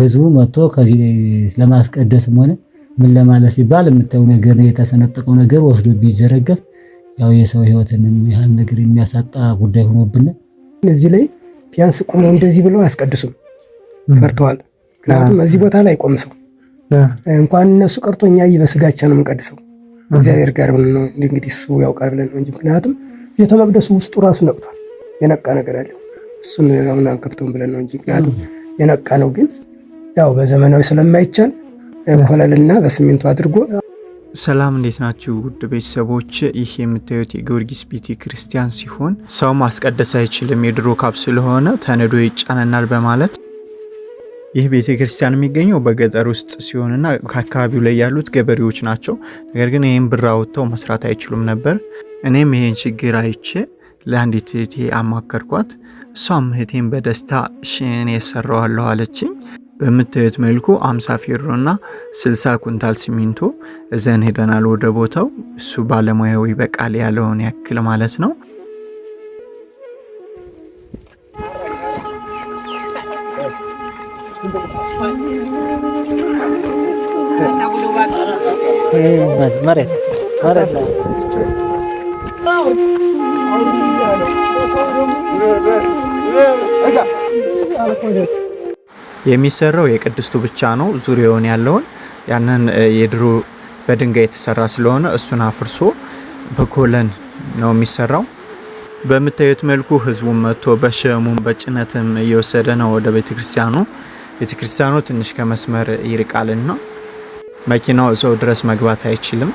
ህዝቡ መጥቶ ከዚህ ለማስቀደስም ሆነ ምን ለማለት ሲባል የምታየው ነገር የተሰነጠቀው ነገር ወስዶ ቢዘረገፍ ያው የሰው ህይወትን ያህል ነገር የሚያሳጣ ጉዳይ ሆኖብን እዚህ ላይ ቢያንስ ቁመው እንደዚህ ብለው አያስቀድሱም፣ ፈርተዋል። ምክንያቱም እዚህ ቦታ ላይ ቆም ሰው እንኳን እነሱ ቀርቶ እኛ በስጋቻ ነው የምንቀድሰው እግዚአብሔር ጋር እንግዲህ እሱ ያውቃል ብለን ነው እንጂ ምክንያቱም ቤተ መቅደሱ ውስጡ ራሱ ነቅቷል። የነቃ ነገር አለ። እሱን አሁን አንከፍተውም ብለን ነው እንጂ ምክንያቱም የነቃ ነው ግን ያው በዘመናዊ ስለማይቻል ኮለልና በሲሚንቶ አድርጎ ሰላም እንዴት ናችሁ ውድ ቤተሰቦች? ይህ የምታዩት የጊዮርጊስ ቤተ ክርስቲያን ሲሆን ሰው ማስቀደስ አይችልም የድሮ ካብ ስለሆነ ተንዶ ይጫነናል በማለት ይህ ቤተ ክርስቲያን የሚገኘው በገጠር ውስጥ ሲሆንና ከአካባቢው ላይ ያሉት ገበሬዎች ናቸው። ነገር ግን ይህም ብር አውጥተው መስራት አይችሉም ነበር። እኔም ይህን ችግር አይቼ ለአንዲት እህቴ አማከርኳት። እሷም እህቴን በደስታ ሽን የሰራዋለሁ አለችኝ። በምታዩት መልኩ 50 ፌሮ እና 60 ኩንታል ሲሚንቶ እዘን ሄደናል ወደ ቦታው። እሱ ባለሙያዊ በቃል ያለውን ያክል ማለት ነው። የሚሰራው የቅድስቱ ብቻ ነው። ዙሪያውን ያለውን ያንን የድሮ በድንጋይ የተሰራ ስለሆነ እሱን አፍርሶ በኮለን ነው የሚሰራው። በምታዩት መልኩ ህዝቡ መጥቶ በሸሙም በጭነትም እየወሰደ ነው ወደ ቤተክርስቲያኑ። ቤተክርስቲያኑ ትንሽ ከመስመር ይርቃልና መኪናው ሰው ድረስ መግባት አይችልም።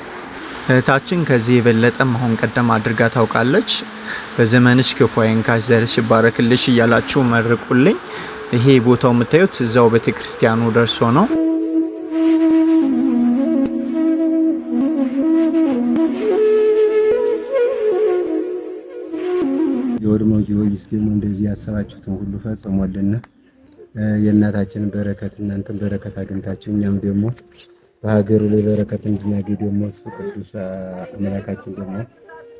እህታችን ከዚህ የበለጠም አሁን ቀደም አድርጋ ታውቃለች። በዘመንሽ ክፉ አይንካሽ፣ ዘርሽ ይባረክልሽ እያላችሁ መርቁልኝ። ይሄ ቦታው የምታዩት እዛው ቤተክርስቲያኑ ደርሶ ነው። የወድሞ ጊዮርጊስ ደግሞ እንደዚህ ያሰባችሁትን ሁሉ ፈጽሞልና የእናታችንን በረከት እናንተን በረከት አግኝታችሁ እኛም ደግሞ በሀገሩ ላይ በረከት እንድናገኝ ደግሞ ቅዱስ አምላካችን ደግሞ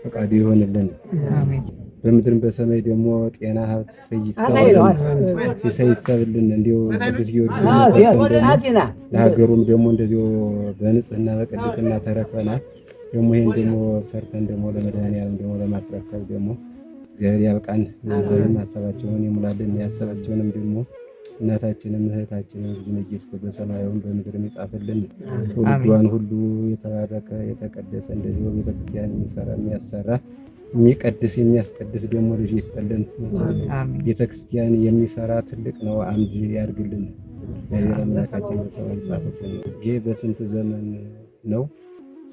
ፈቃዱ ይሆንልን። በምድርም በሰማይ ደግሞ ጤና ሀብት ሲሰይሰብልን እንዲሁ ቅዱስ ጊዮርጊስ ለሀገሩም ደግሞ እንደዚሁ በንጽህና በቅድስና ተረክበናል። ደግሞ ይህን ደግሞ ሰርተን ደግሞ ለመድኃኒዓለም ደግሞ ለማስረከብ ደግሞ እግዚአብሔር ያብቃን። እናንተንም ሀሳባቸውን ይሙላልን። ያሰባቸውንም ደግሞ እናታችንም እህታችንም ዝንጌስ በሰማዩን በምድርም ይጻፍልን። ትውልዷን ሁሉ የተባረከ የተቀደሰ እንደዚሁ ቤተክርስቲያን የሚሰራ የሚያሰራ የሚቀድስ የሚያስቀድስ ደግሞ ልጅ ይስጠልን። ቤተክርስቲያን የሚሰራ ትልቅ ነው። አንድ ያድርግልን። እግዚአብሔር አምላካችን ይሄ በስንት ዘመን ነው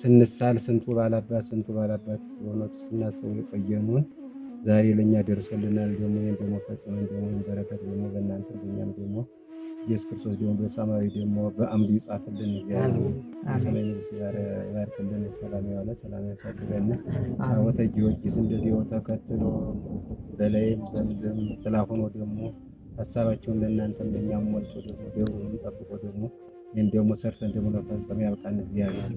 ስንሳል ስንቱ ባላባት ስንቱ ባላባት በእውነቱ ስናስበው የቆየኑን ዛሬ ለእኛ ደርሶልናል። ደግሞ ይህን ደግሞ ፈጽመን ደግሞ በረከት ደግሞ በእናንተ በኛም ደግሞ ኢየሱስ ክርስቶስ ደግሞ በሰማያዊ ደግሞ በአምድ ይጻፍልን። ሰላም ይባርክልን፣ ሰላም ያዋለ ሰላም ያሳድረን። ሳወተ ጊዮርጊስ እንደዚህ ተከትሎ በላይም በምድርም ጥላ ሆኖ ደግሞ ሀሳባቸውን ለእናንተ ለእኛም ሞልቶ ደግሞ ደብሩን ጠብቆ ደግሞ ይህን ደግሞ ሰርተን ደግሞ ለመፈጸም ያብቃን እግዚአብሔር